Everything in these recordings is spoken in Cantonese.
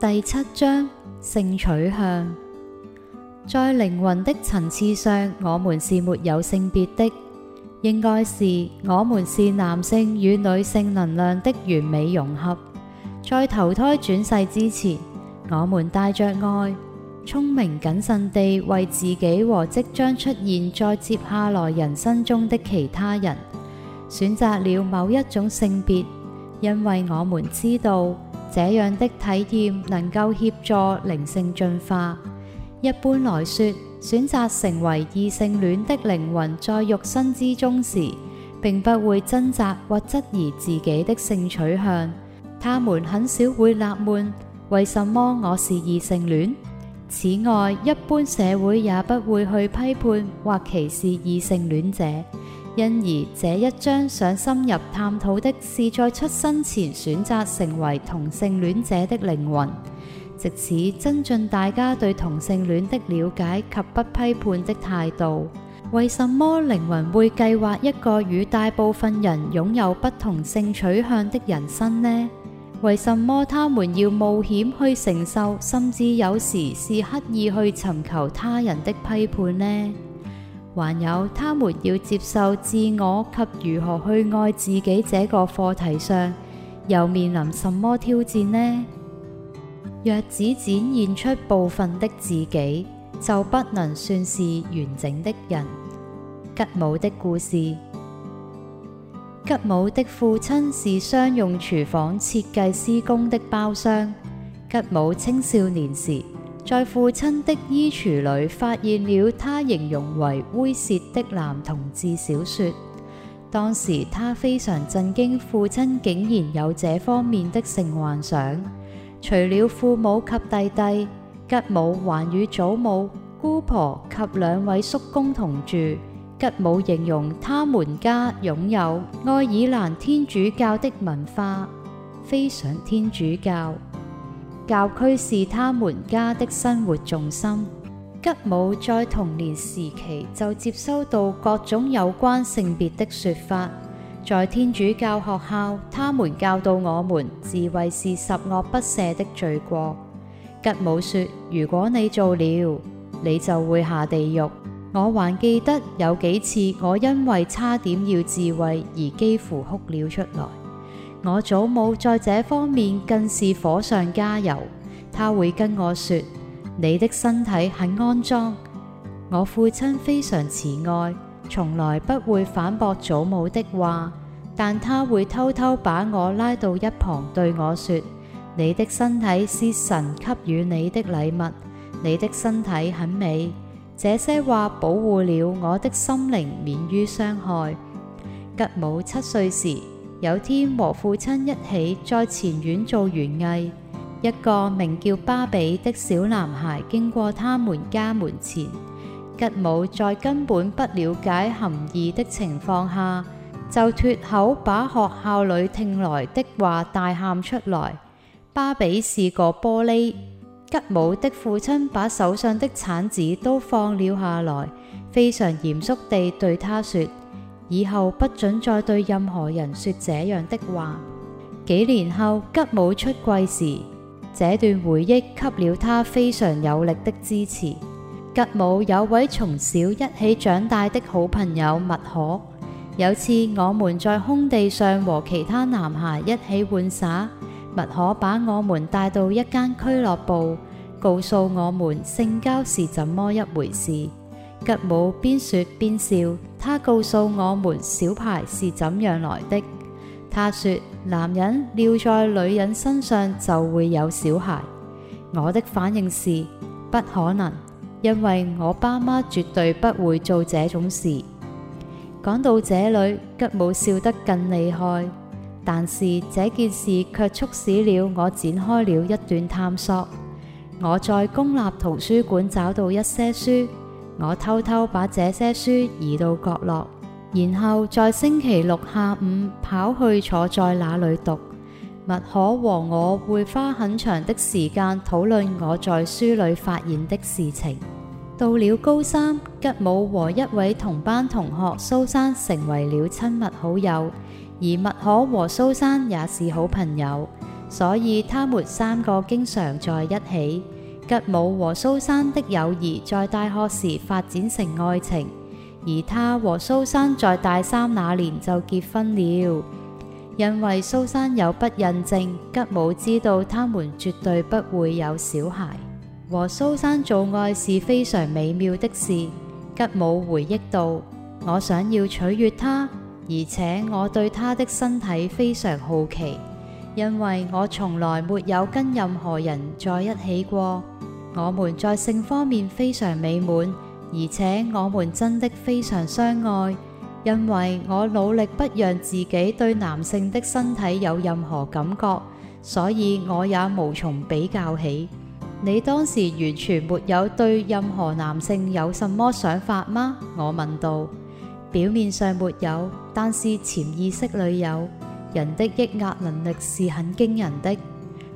第七章性取向，在靈魂的層次上，我們是沒有性別的，應該是我們是男性與女性能量的完美融合。在投胎轉世之前，我們帶着愛、聰明、謹慎地為自己和即將出現在接下來人生中的其他人，選擇了某一種性別，因為我們知道。這樣的體驗能夠協助靈性進化。一般來說，選擇成為異性戀的靈魂在肉身之中時，並不會掙扎或質疑自己的性取向。他們很少會納悶：「為什麼我是異性戀？」此外，一般社會也不會去批判或歧視異性戀者。因而，這一章想深入探討的是，在出生前選擇成為同性戀者的靈魂，藉此增進大家對同性戀的了解及不批判的態度。為什麼靈魂會計劃一個與大部分人擁有不同性取向的人生呢？為什麼他們要冒險去承受，甚至有時是刻意去尋求他人的批判呢？還有，他們要接受自我及如何去愛自己這個課題上，又面臨什麼挑戰呢？若只展現出部分的自己，就不能算是完整的人。吉姆的故事。吉姆的父親是商用廚房設計施工的包商。吉姆青少年時，在父親的衣櫥裏，發現了他形容為猥褻的男同志小說。當時他非常震驚，父親竟然有這方面的性幻想。除了父母及弟弟，吉姆還與祖母、姑婆及兩位叔公同住。吉姆形容他們家擁有愛爾蘭天主教的文化，非常天主教。教區是他們家的生活重心。吉姆在童年時期就接收到各種有關性別的說法。在天主教學校，他們教導我們，自慰是十惡不赦的罪過。吉姆說，如果你做了，你就會下地獄。我還記得有幾次，我因為差點要自慰而幾乎哭了出來。我祖母在這方面更是火上加油，她會跟我説：你的身體很骯髒。我父親非常慈愛，從來不會反駁祖母的話，但他會偷偷把我拉到一旁對我説：你的身體是神給予你的禮物，你的身體很美。這些話保護了我的心靈免於傷害。吉姆七歲時，有天和父親一起在前院做園藝，一個名叫巴比的小男孩經過他們家門前，吉姆在根本不了解含義的情況下，就脱口把學校裡聽來的話大喊出來。巴比是個玻璃，吉姆的父親把手上的鏟子都放了下來，非常嚴肅地對他說。以後不准再對任何人說這樣的話。幾年後，吉姆出櫃時，這段回憶給了他非常有力的支持。吉姆有位從小一起長大的好朋友麥可，有次我們在空地上和其他男孩一起玩耍，麥可把我們帶到一間俱樂部，告訴我們性交是怎麼一回事。吉姆邊說邊笑，他告訴我們小孩是怎樣來的。他說：男人尿在女人身上就會有小孩。我的反應是不可能，因為我爸媽絕對不會做這種事。講到這裡，吉姆笑得更厲害，但是這件事卻促使了我展開了一段探索。我在公立圖書館找到一些書。我偷偷把這些書移到角落，然後在星期六下午跑去坐在那裡讀。麥可和我會花很長的時間討論我在書裡發現的事情。到了高三，吉姆和一位同班同學蘇珊成為了親密好友，而麥可和蘇珊也是好朋友，所以他們三個經常在一起。吉姆和蘇珊的友誼在大學時發展成愛情，而他和蘇珊在大三那年就結婚了。因為蘇珊有不孕症，吉姆知道他們絕對不會有小孩。和蘇珊做愛是非常美妙的事，吉姆回憶道：我想要取悅她，而且我對她的身體非常好奇。因為我從來沒有跟任何人在一起過，我們在性方面非常美滿，而且我們真的非常相愛。因為我努力不讓自己對男性的身體有任何感覺，所以我也無從比較起。你當時完全沒有對任何男性有什麼想法嗎？我問道。表面上沒有，但是潛意識裏有。人的抑壓能力是很驚人的，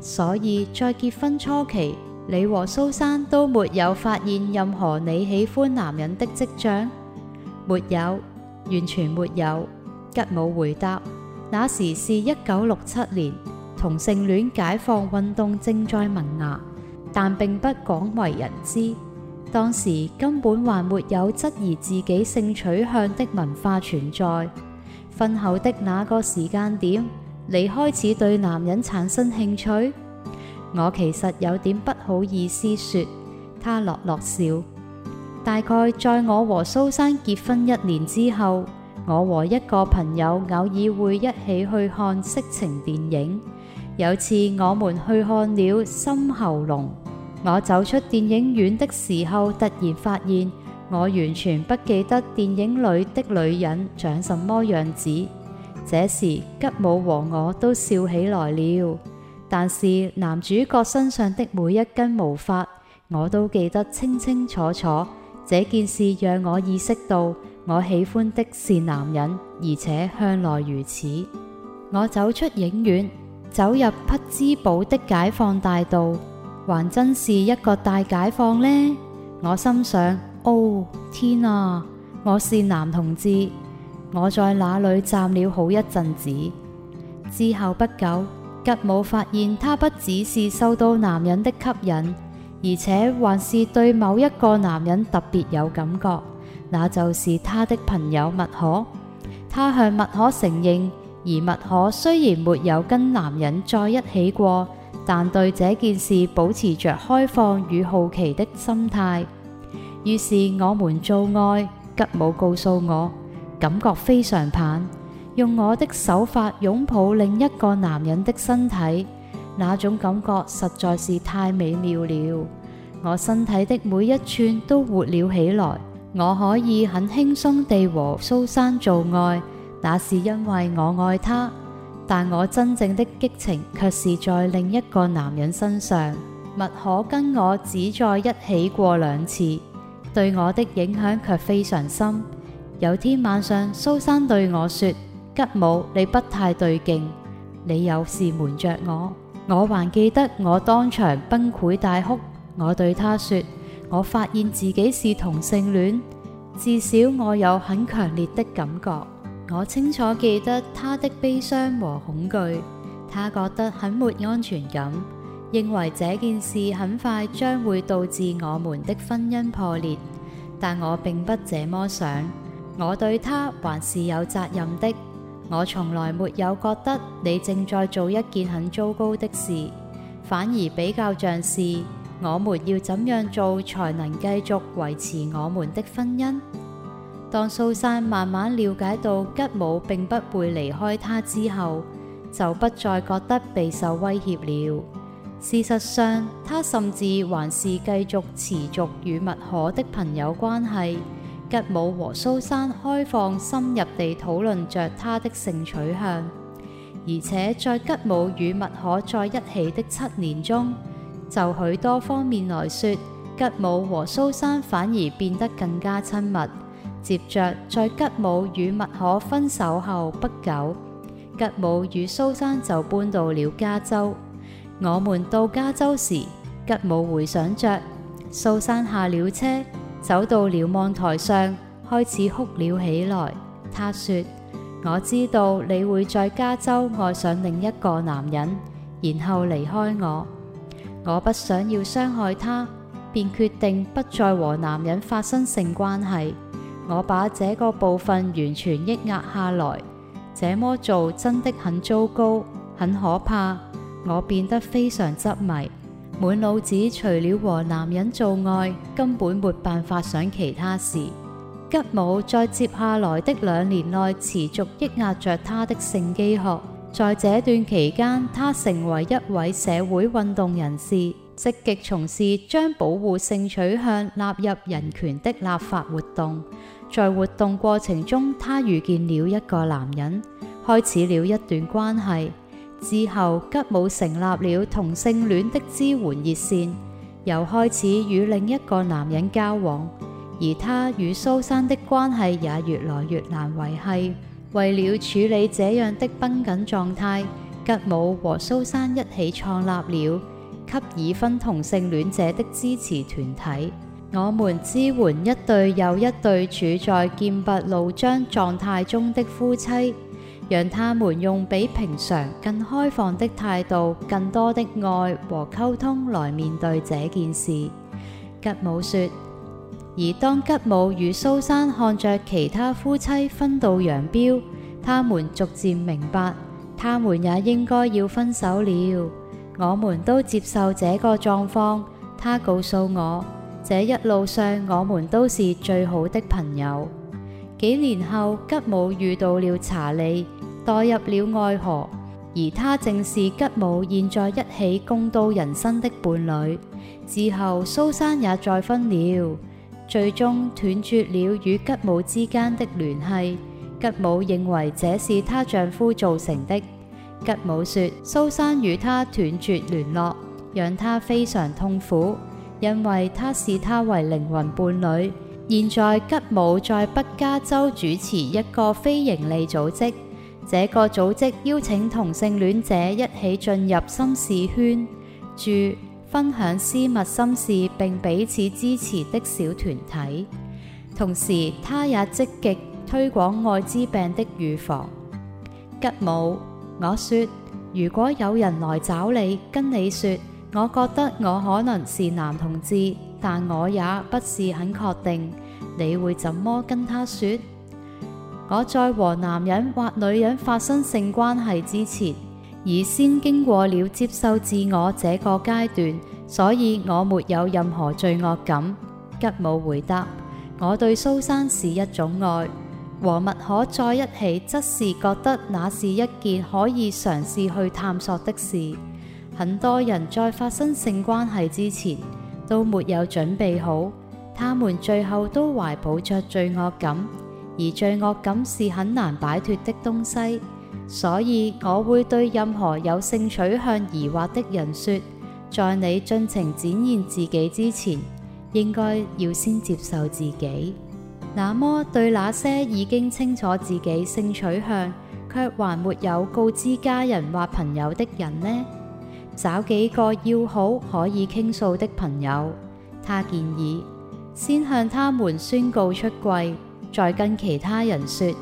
所以在結婚初期，你和蘇珊都沒有發現任何你喜歡男人的迹象？沒有，完全沒有。吉姆回答。那時是一九六七年，同性戀解放運動正在萌芽，但並不廣為人知，當時根本還沒有質疑自己性取向的文化存在。婚後的那個時間點，你開始對男人產生興趣？我其實有點不好意思說。他樂樂笑，大概在我和蘇珊結婚一年之後，我和一個朋友偶爾會一起去看色情電影。有次我們去看了《深喉嚨》，我走出電影院的時候，突然發現。我完全不記得電影裏的女人長什麼樣子。這時吉姆和我都笑起來了。但是男主角身上的每一根毛髮我都記得清清楚楚。這件事讓我意識到，我喜歡的是男人，而且向來如此。我走出影院，走入匹茲堡的解放大道，還真是一個大解放呢。我心想。哦、oh, 天啊！我是男同志，我在那裡站了好一陣子。之後不久，吉姆發現他不只是受到男人的吸引，而且還是對某一個男人特別有感覺，那就是他的朋友麥可。他向麥可承認，而麥可雖然沒有跟男人在一起過，但對這件事保持着開放與好奇的心態。於是我們做愛，吉姆告訴我，感覺非常棒。用我的手法擁抱另一個男人的身體，那種感覺實在是太美妙了。我身體的每一寸都活了起來。我可以很輕鬆地和蘇珊做愛，那是因為我愛她。但我真正的激情卻是在另一個男人身上。麥可跟我只在一起過兩次。對我的影響卻非常深。有天晚上，蘇珊對我說：吉姆，你不太對勁，你有事瞞着我。我還記得我當場崩潰大哭。我對他說：我發現自己是同性戀。至少我有很強烈的感覺。我清楚記得他的悲傷和恐懼，他覺得很沒安全感。認為這件事很快將會導致我們的婚姻破裂，但我並不這麼想。我對他還是有責任的。我從來沒有覺得你正在做一件很糟糕的事，反而比較像是我們要怎樣做才能繼續維持我們的婚姻？當蘇珊慢慢了解到吉姆並不會離開他之後，就不再覺得備受威脅了。事實上，他甚至還是繼續持續與麥可的朋友關係。吉姆和蘇珊開放深入地討論着他的性取向，而且在吉姆與麥可在一起的七年中，就許多方面來說，吉姆和蘇珊反而變得更加親密。接著，在吉姆與麥可分手後不久，吉姆與蘇珊就搬到了加州。我們到加州時，吉姆回想着，蘇珊下了車，走到瞭望台上，開始哭了起來。她說：我知道你會在加州愛上另一個男人，然後離開我。我不想要傷害他，便決定不再和男人發生性關係。我把這個部分完全抑壓下來，這麼做真的很糟糕，很可怕。我變得非常執迷，滿腦子除了和男人做愛，根本沒辦法想其他事。吉姆在接下來的兩年內持續抑壓着他的性饑渴，在這段期間，他成為一位社會運動人士，積極從事將保護性取向納入人權的立法活動。在活動過程中，他遇見了一個男人，開始了一段關係。之後，吉姆成立了同性戀的支援熱線，又開始與另一個男人交往，而他與蘇珊的關係也越來越難維繫。為了處理這樣的繃緊狀態，吉姆和蘇珊一起創立了給已婚同性戀者的支持團體。我們支援一對又一對處在劍拔弩張狀態中的夫妻。讓他們用比平常更開放的態度、更多的愛和溝通來面對這件事。吉姆說：而當吉姆與蘇珊看着其他夫妻分道揚鑣，他們逐漸明白，他們也應該要分手了。我們都接受這個狀況。他告訴我，這一路上我們都是最好的朋友。幾年後，吉姆遇到了查理。墮入了愛河，而他正是吉姆現在一起共度人生的伴侶。之後蘇珊也再婚了，最終斷絕了與吉姆之間的聯繫。吉姆認為這是她丈夫造成的。吉姆說蘇珊與他斷絕聯絡讓他非常痛苦，因為他視他為靈魂伴侶。現在，吉姆在北加州主持一個非營利組織。這個組織邀請同性戀者一起進入心事圈，住分享私密心事並彼此支持的小團體。同時，他也積極推廣愛滋病的預防。吉姆，我說，如果有人來找你，跟你說：「我覺得我可能是男同志，但我也不是很確定。」你會怎麼跟他說？我在和男人或女人發生性關係之前，已先經過了接受自我這個階段，所以我沒有任何罪惡感。吉姆回答：我對蘇珊是一種愛，和麥可在一起則是覺得那是一件可以嘗試去探索的事。很多人在發生性關係之前都沒有準備好，他們最後都懷抱着罪惡感。而罪惡感是很難擺脫的東西，所以我會對任何有性取向疑惑的人說：在你盡情展現自己之前，應該要先接受自己。那麼對那些已經清楚自己性取向卻還沒有告知家人或朋友的人呢？找幾個要好可以傾訴的朋友，他建議先向他們宣告出櫃。再跟其他人說，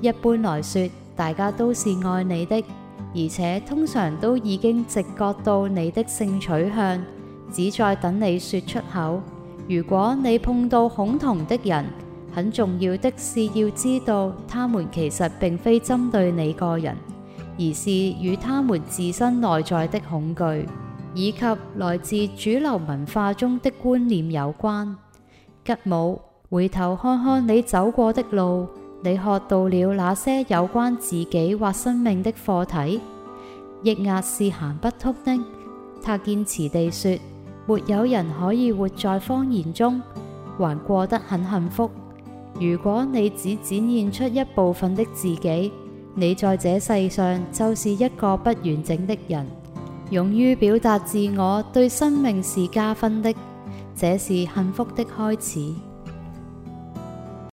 一般來說，大家都是愛你的，而且通常都已經直覺到你的性取向，只在等你說出口。如果你碰到恐同的人，很重要的是要知道，他們其實並非針對你個人，而是與他們自身內在的恐懼，以及來自主流文化中的觀念有關。吉姆。回頭看看你走過的路，你學到了哪些有關自己或生命的課題？抑壓是行不通的。他堅持地說：沒有人可以活在謊言中，還過得很幸福。如果你只展現出一部分的自己，你在這世上就是一個不完整的人。勇於表達自我，對生命是加分的，這是幸福的開始。